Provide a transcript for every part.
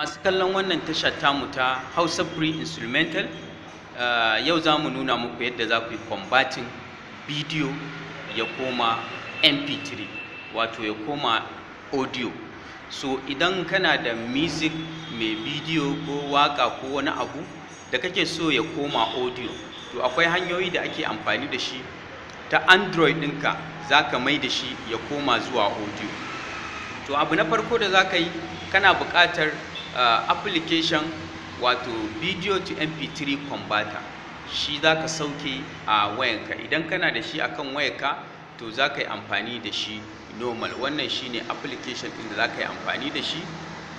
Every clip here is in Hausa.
masu kallon wannan tashar tamu ta hausa free instrumental uh, yau za mu nuna muku yadda za ku yi combating bidiyo ya koma mp3 wato ya koma audio so idan kana da music mai bidiyo ko waka ko wani abu da kake so ya koma audio to akwai hanyoyi da ake amfani da shi ta android ɗinka za ka mai da shi ya koma zuwa audio to abu na farko da za ka yi kana buƙatar uh, application wato video to mp3 converter shi za ka sauke a wayanka idan kana da shi akan wayanka to za ka yi amfani da shi normal wannan shi ne application ɗin da za ka yi amfani da shi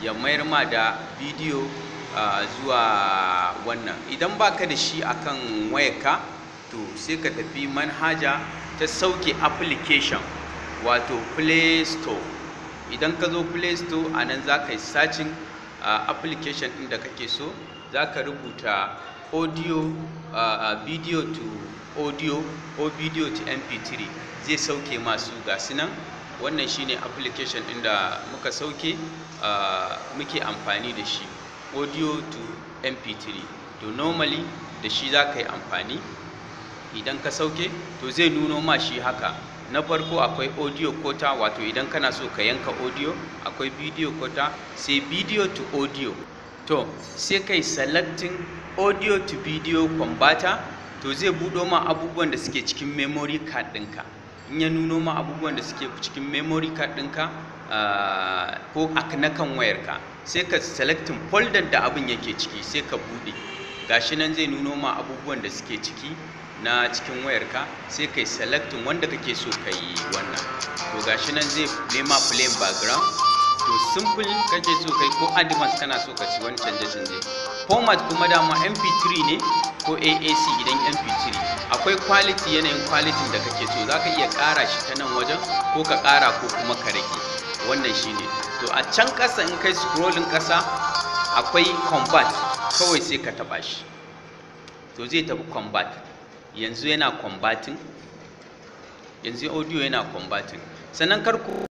ya mayar ma da video uh, zuwa wannan idan baka da shi akan wayarka to sai ka tafi manhaja ta sauke application wato play store idan ka zo play store a nan za ka yi searching application ɗin da kake so za ka rubuta audio video to audio ko video to mp3 zai sauke masu gasu nan wannan shine application ɗin da muka sauke muke amfani da shi audio to mp3 to normally da shi za ka yi amfani idan ka sauke to zai nuno ma shi haka na farko akwai audio quota wato idan kana so ka yanka audio akwai video quota sai video to audio to sai kai selecting audio to video converter to zai buɗo ma abubuwan da suke cikin memory card ɗinka in ya nuno ma abubuwan da suke cikin memory card ɗinka ah, ko na kan wayarka sai ka selectin folder da abin yake ciki sai ka buɗe gashi nan zai nuno ma abubuwan da suke ciki na cikin wayarka sai kai selecting wanda kake so ka yi wannan to gashi nan zai nema plain background to simple kake so kai ko advanced kana so ka ci wani canje canje format kuma dama mp3 ne ko aac idan mp3 akwai quality yanayin quality da kake so zaka iya kara shi ta nan wajen ko ka kara ko kuma ka rage wannan shine to a can kasa in kai scrolling kasa akwai combat kawai sai ka taɓa shi to zai tafi combat yanzu yana combating yanzu audio yana combating sannan karku